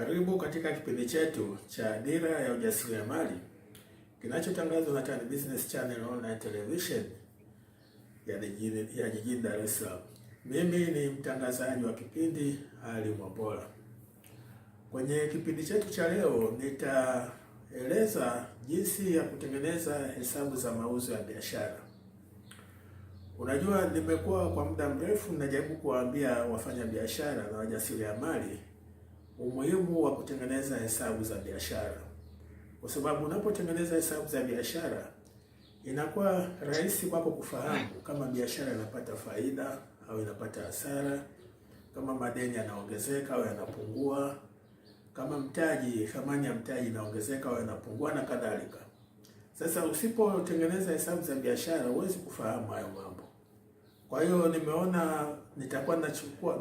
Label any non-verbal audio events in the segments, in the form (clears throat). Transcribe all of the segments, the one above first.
Karibu katika kipindi chetu cha Dira ya Ujasiriamali kinachotangazwa na Tan Business Channel Online Television ya jijini ya jijini Dar es Salaam. Mimi ni mtangazaji wa kipindi Ali Mwambola. Kwenye kipindi chetu cha leo nitaeleza jinsi ya kutengeneza hesabu za mauzo ya biashara. Unajua, nimekuwa kwa muda mrefu najaribu kuwaambia wafanya biashara na wajasiriamali umuhimu wa kutengeneza hesabu za biashara, kwa sababu unapotengeneza hesabu za biashara inakuwa rahisi kwako kufahamu kama biashara inapata faida au inapata hasara, kama madeni yanaongezeka au yanapungua, kama mtaji, thamani ya mtaji inaongezeka au yanapungua na kadhalika. Sasa usipotengeneza hesabu za biashara huwezi kufahamu hayo mambo. Kwa hiyo nimeona nitakuwa nachukua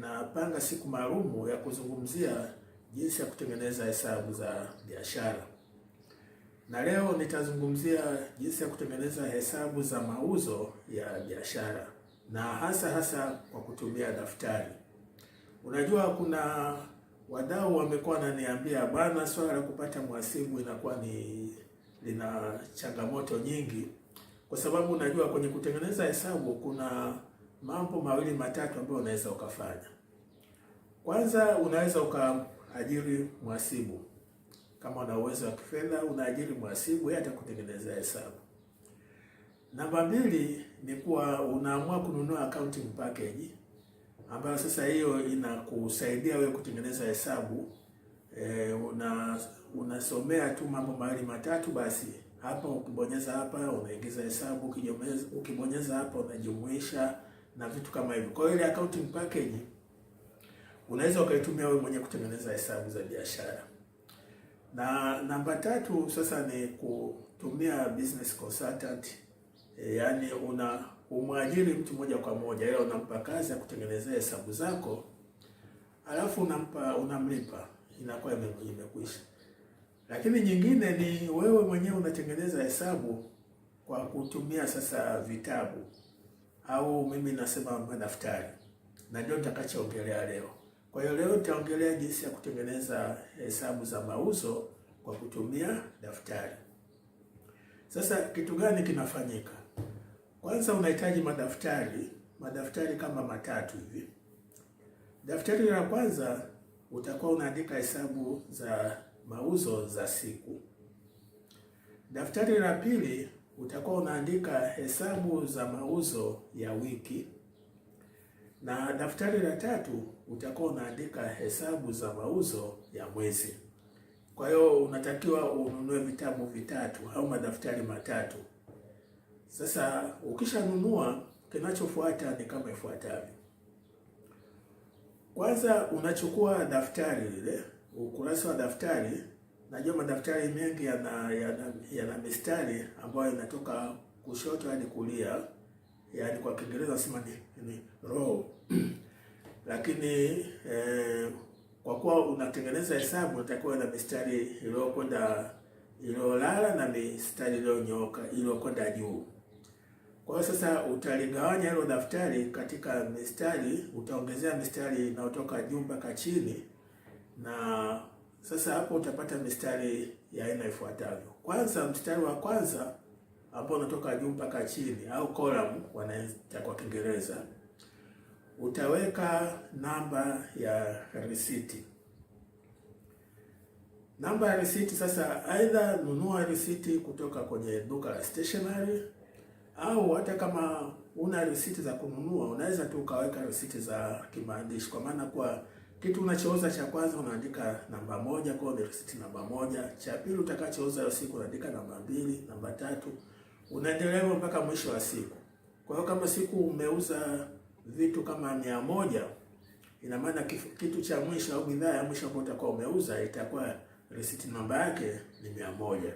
napanga na siku maalumu ya kuzungumzia jinsi ya kutengeneza hesabu za biashara, na leo nitazungumzia jinsi ya kutengeneza hesabu za mauzo ya biashara, na hasa hasa kwa kutumia daftari. Unajua, kuna wadau wamekuwa wananiambia bwana, swala la kupata mhasibu inakuwa ni lina changamoto nyingi kwa sababu unajua kwenye kutengeneza hesabu kuna mambo mawili matatu ambayo unaweza ukafanya. Kwanza, unaweza ukaajiri mhasibu kama una uwezo wa kifedha, unaajiri mhasibu, yeye atakutengenezea hesabu. Namba mbili ni kuwa unaamua kununua accounting package ambayo sasa hiyo inakusaidia wewe kutengeneza hesabu. E, una- unasomea tu mambo mawili matatu basi hapa ukibonyeza hapa unaingiza hesabu, ukijomeza, ukibonyeza hapa unajumuisha na vitu kama hivyo. Kwa hiyo ile accounting package unaweza ukaitumia wewe mwenyewe kutengeneza hesabu za biashara. Na namba tatu sasa ni kutumia business consultant. E, yaani una umwajiri mtu moja kwa moja, ila unampa kazi ya kutengeneza hesabu zako, alafu unampa unamlipa, inakuwa imekwisha. Lakini nyingine ni wewe mwenyewe unatengeneza hesabu kwa kutumia sasa vitabu au mimi nasema madaftari, na ndio nitakachoongelea leo. Kwa hiyo leo nitaongelea jinsi ya kutengeneza hesabu za mauzo kwa kutumia daftari. Sasa kitu gani kinafanyika? Kwanza unahitaji madaftari, madaftari kama matatu hivi. Daftari la kwanza utakuwa unaandika hesabu za mauzo za siku. Daftari la pili utakuwa unaandika hesabu za mauzo ya wiki, na daftari la tatu utakuwa unaandika hesabu za mauzo ya mwezi. Kwa hiyo unatakiwa ununue vitabu vitatu au madaftari matatu. Sasa ukishanunua, kinachofuata ni kama ifuatavyo. Kwanza unachukua daftari lile ukurasa wa daftari, najua madaftari mengi yana yana, yana mistari ambayo inatoka kushoto hadi kulia, yaani kwa Kiingereza sema ni, ni row (clears throat) lakini eh, kwa kuwa unatengeneza hesabu unatakiwa na mistari iliyokwenda iliyolala na mistari iliyonyoka iliyokwenda juu. Kwa hiyo sasa utaligawanya hilo daftari katika mistari, utaongezea mistari inayotoka juu mpaka chini na sasa hapo utapata mistari ya aina ifuatavyo. Kwanza, mstari wa kwanza ambao unatoka juu mpaka chini au column wanaita kwa Kiingereza, utaweka namba ya risiti. Namba ya risiti sasa, aidha nunua risiti kutoka kwenye duka la stationery au hata kama una risiti za kununua, unaweza tu ukaweka risiti za kimaandishi, kwa maana kwa kitu unachouza cha kwanza unaandika namba moja, kwa hiyo receipt namba moja. Cha pili utakachouza hiyo siku unaandika namba mbili, namba tatu, unaendelea hivyo mpaka mwisho wa siku. Kwa hiyo kama siku umeuza vitu kama mia moja, ina maana kitu cha mwisho au bidhaa ya mwisho ambayo utakuwa umeuza itakuwa receipt namba yake ni mia moja.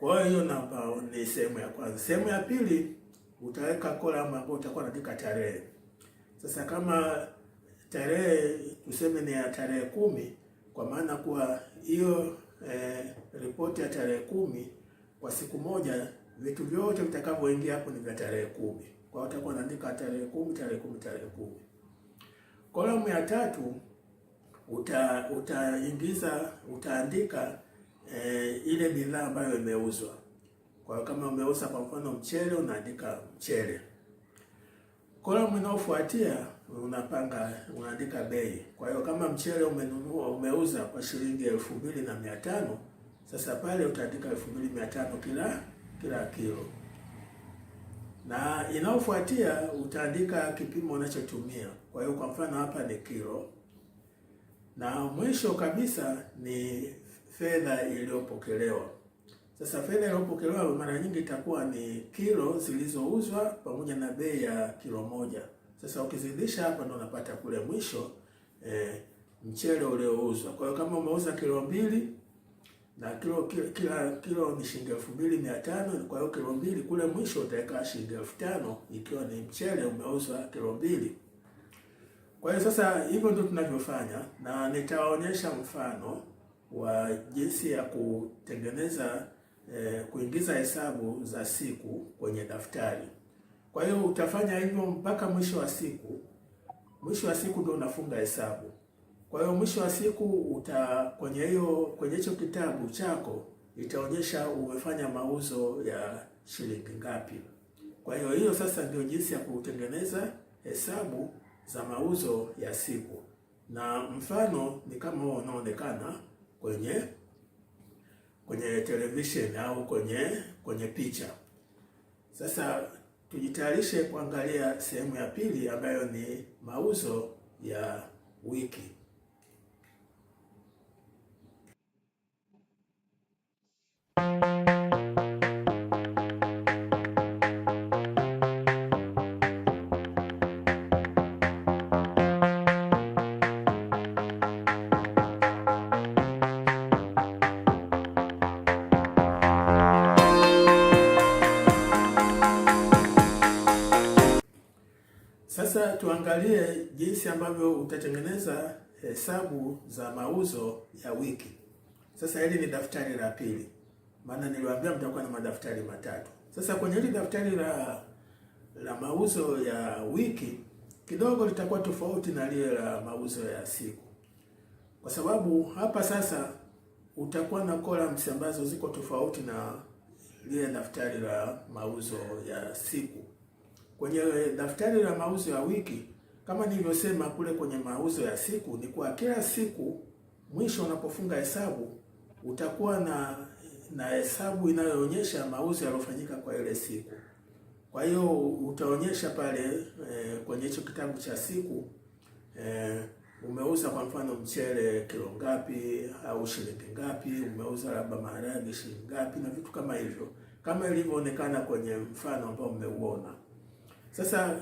Kwa hiyo namba ni sehemu ya kwanza. Sehemu ya pili utaweka kola ambayo utakuwa unaandika tarehe. Sasa kama tarehe tuseme ni ya tarehe kumi, kwa maana kuwa hiyo eh, ripoti ya tarehe kumi kwa siku moja vitu vyote vitakavyoingia hapo ni vya tarehe kumi. Kwa hiyo utakuwa unaandika tarehe kumi, tarehe kumi, tarehe kumi. Kolamu ya tatu uta- utaingiza utaandika e, ile bidhaa ambayo imeuzwa. Kwa hiyo kama umeuza kwa mfano mchele unaandika mchele. Kolamu inayofuatia unapanga unaandika bei. Kwa hiyo kama mchele umenunua umeuza kwa shilingi elfu mbili na mia tano sasa pale utaandika elfu mbili mia tano kila kila kilo, na inaofuatia utaandika kipimo unachotumia. Kwa hiyo kwa mfano hapa ni kilo, na mwisho kabisa ni fedha iliyopokelewa. Sasa fedha iliyopokelewa mara nyingi itakuwa ni kilo zilizouzwa pamoja na bei ya kilo moja. Sasa ukizidisha hapa ndo unapata kule mwisho e, mchele uliouzwa. Kwa hiyo kama umeuza kilo mbili na kilo kila kilo ni shilingi elfu mbili mia tano. Kwa hiyo kilo mbili kule mwisho utaweka shilingi elfu tano ikiwa ni mchele umeuzwa kilo mbili. Kwa hiyo sasa hivyo ndio tunavyofanya, na nitawaonyesha mfano wa jinsi ya kutengeneza eh, kuingiza hesabu za siku kwenye daftari. Kwa hiyo utafanya hivyo mpaka mwisho wa siku. Mwisho wa siku ndio unafunga hesabu. Kwa hiyo mwisho wa siku uta kwenye hiyo kwenye hicho kitabu chako itaonyesha umefanya mauzo ya shilingi ngapi. Kwa hiyo hiyo sasa ndio jinsi ya kutengeneza hesabu za mauzo ya siku, na mfano ni kama huo unaonekana kwenye kwenye television au kwenye kwenye picha. Sasa tujitayarishe kuangalia sehemu ya pili ambayo ni mauzo ya wiki. Sasa tuangalie jinsi ambavyo utatengeneza hesabu za mauzo ya wiki. Sasa hili ni daftari la pili, maana niliwaambia mtakuwa na madaftari matatu. Sasa kwenye hili daftari la la mauzo ya wiki kidogo litakuwa tofauti na lile la mauzo ya siku, kwa sababu hapa sasa utakuwa na columns ambazo ziko tofauti na lile daftari la mauzo ya siku. Kwenye daftari la mauzo ya wiki, kama nilivyosema kule kwenye mauzo ya siku, ni kwa kila siku mwisho unapofunga hesabu utakuwa na na hesabu inayoonyesha mauzo yaliyofanyika kwa ile siku. Kwa hiyo utaonyesha pale e, kwenye hicho kitabu cha siku e, umeuza kwa mfano mchele kilo ngapi au shilingi ngapi, umeuza labda maharage shilingi ngapi na vitu kama hivyo, kama ilivyoonekana kwenye mfano ambao mmeuona. Sasa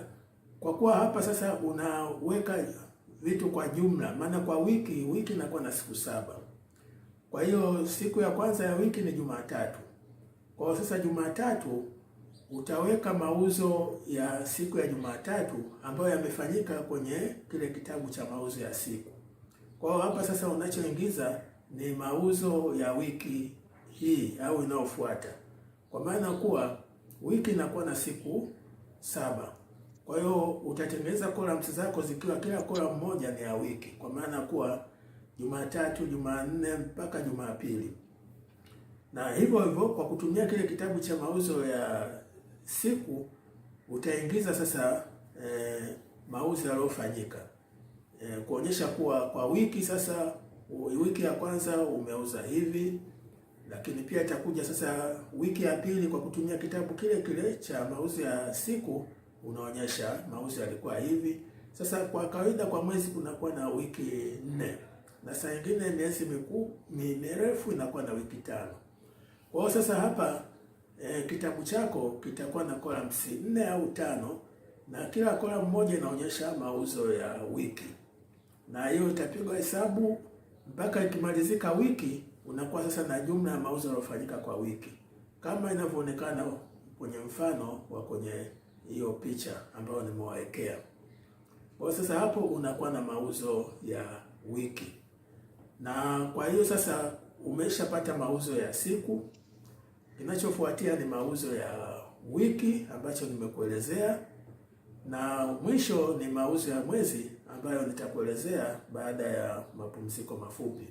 kwa kuwa hapa sasa unaweka vitu kwa jumla, maana kwa wiki wiki inakuwa na siku saba. Kwa hiyo siku ya kwanza ya wiki ni Jumatatu. Kwa hiyo sasa Jumatatu utaweka mauzo ya siku ya Jumatatu ambayo yamefanyika kwenye kile kitabu cha mauzo ya siku. Kwa hiyo hapa sasa unachoingiza ni mauzo ya wiki hii au inayofuata, kwa maana kuwa wiki inakuwa na siku saba. Kwa hiyo utatengeneza columns zako zikiwa kila column moja ni ya wiki, kwa maana kuwa Jumatatu, Jumanne mpaka Jumapili, na hivyo hivyo kwa kutumia kile kitabu cha mauzo ya siku utaingiza sasa e, mauzo yaliyofanyika e, kuonyesha kuwa kwa wiki sasa, wiki ya kwanza umeuza hivi lakini pia itakuja sasa wiki ya pili kwa kutumia kitabu kile kile cha mauzo ya siku, unaonyesha mauzo yalikuwa hivi. Sasa kwa kawaida kwa mwezi kunakuwa na wiki nne na saa nyingine miezi mikuu ni mirefu inakuwa na wiki tano. Kwa hiyo sasa hapa e, kitabu chako kitakuwa na columns nne au tano, na kila column moja inaonyesha mauzo ya wiki, na hiyo itapigwa hesabu mpaka ikimalizika wiki unakuwa sasa na jumla ya mauzo yanayofanyika kwa wiki kama inavyoonekana kwenye mfano wa kwenye hiyo picha ambayo nimewaekea. Kwa sasa hapo unakuwa na mauzo ya wiki, na kwa hiyo sasa umeshapata mauzo ya siku. Kinachofuatia ni mauzo ya wiki ambacho nimekuelezea, na mwisho ni mauzo ya mwezi ambayo nitakuelezea baada ya mapumziko mafupi.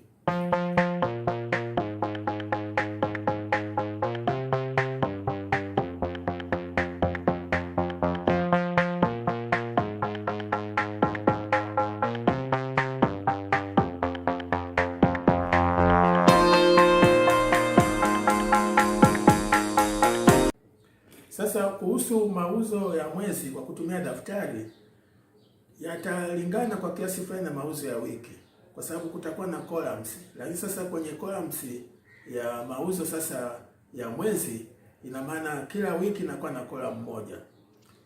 Sasa kuhusu mauzo ya mwezi kwa kutumia daftari yatalingana kwa kiasi fulani na mauzo ya wiki kwa sababu kutakuwa na columns, lakini sasa kwenye columns ya mauzo sasa ya mwezi, ina maana kila wiki inakuwa na column moja.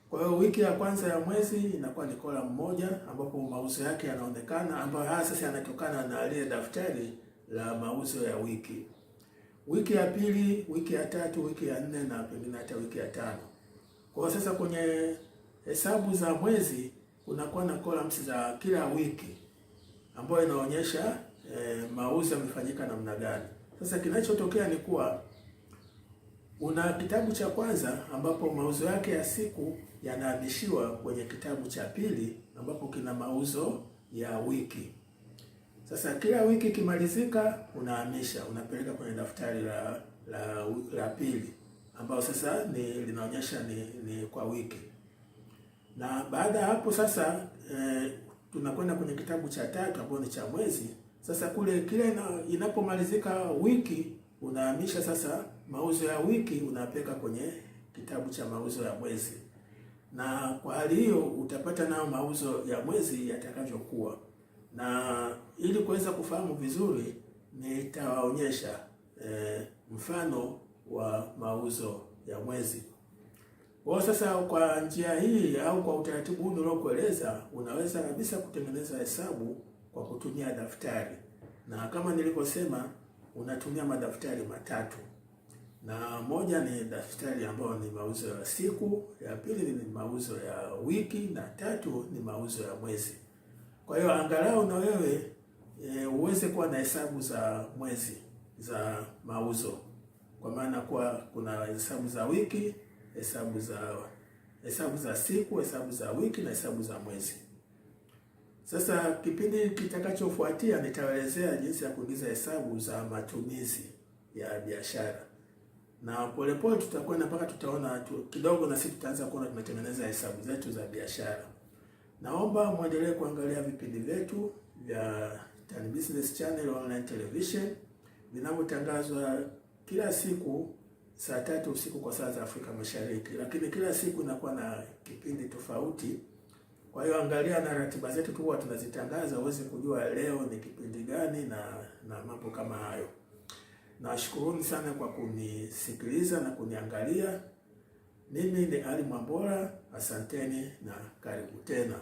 Kwa hiyo wiki ya kwanza ya mwezi inakuwa ni column moja, ambapo mauzo yake yanaonekana, ambayo haya sasa yanatokana na ile daftari la mauzo ya wiki, wiki ya pili, wiki ya tatu, wiki ya nne na pengine hata wiki ya tano. Kwa hiyo sasa kwenye hesabu za mwezi kunakuwa na columns za kila wiki ambayo inaonyesha e, eh, mauzo yamefanyika namna gani. Sasa kinachotokea ni kuwa una kitabu cha kwanza ambapo mauzo yake ya siku yanahamishiwa kwenye kitabu cha pili ambapo kina mauzo ya wiki. Sasa kila wiki ikimalizika, unahamisha unapeleka kwenye daftari la la, la pili ambayo sasa ni linaonyesha ni, ni kwa wiki, na baada ya hapo sasa e, tunakwenda kwenye kitabu cha tatu ambayo ni cha mwezi. Sasa kule kile inapomalizika wiki unahamisha sasa mauzo ya wiki unapeka kwenye kitabu cha mauzo ya mwezi, na kwa hali hiyo utapata nayo mauzo ya mwezi yatakavyokuwa. Na ili kuweza kufahamu vizuri, nitawaonyesha e, mfano wa mauzo ya mwezi. Kwa sasa kwa njia hii au kwa utaratibu huu niliokueleza, unaweza kabisa kutengeneza hesabu kwa kutumia daftari, na kama nilivyosema, unatumia madaftari matatu, na moja ni daftari ambayo ni mauzo ya siku, ya pili ni mauzo ya wiki, na tatu ni mauzo ya mwezi. Kwa hiyo angalau na wewe e, uweze kuwa na hesabu za mwezi za mauzo, kwa maana kuwa kuna hesabu za wiki hesabu za hesabu za siku, hesabu za wiki na hesabu za mwezi. Sasa kipindi kitakachofuatia nitaelezea jinsi ya kuingiza hesabu za matumizi ya biashara, na polepole tutakwenda mpaka tutaona tu, kidogo na sisi tutaanza kuona tumetengeneza hesabu zetu za biashara. Naomba mwendelee kuangalia vipindi vyetu vya Tan Business Channel Online Television vinavyotangazwa kila siku saa tatu usiku kwa saa za Afrika Mashariki, lakini kila siku inakuwa na kipindi tofauti. Kwa hiyo angalia na ratiba zetu tu huwa tunazitangaza uweze kujua leo ni kipindi gani na na mambo kama hayo. Nashukuruni sana kwa kunisikiliza na kuniangalia. Mimi ni Ali Mwambola, asanteni na karibu tena.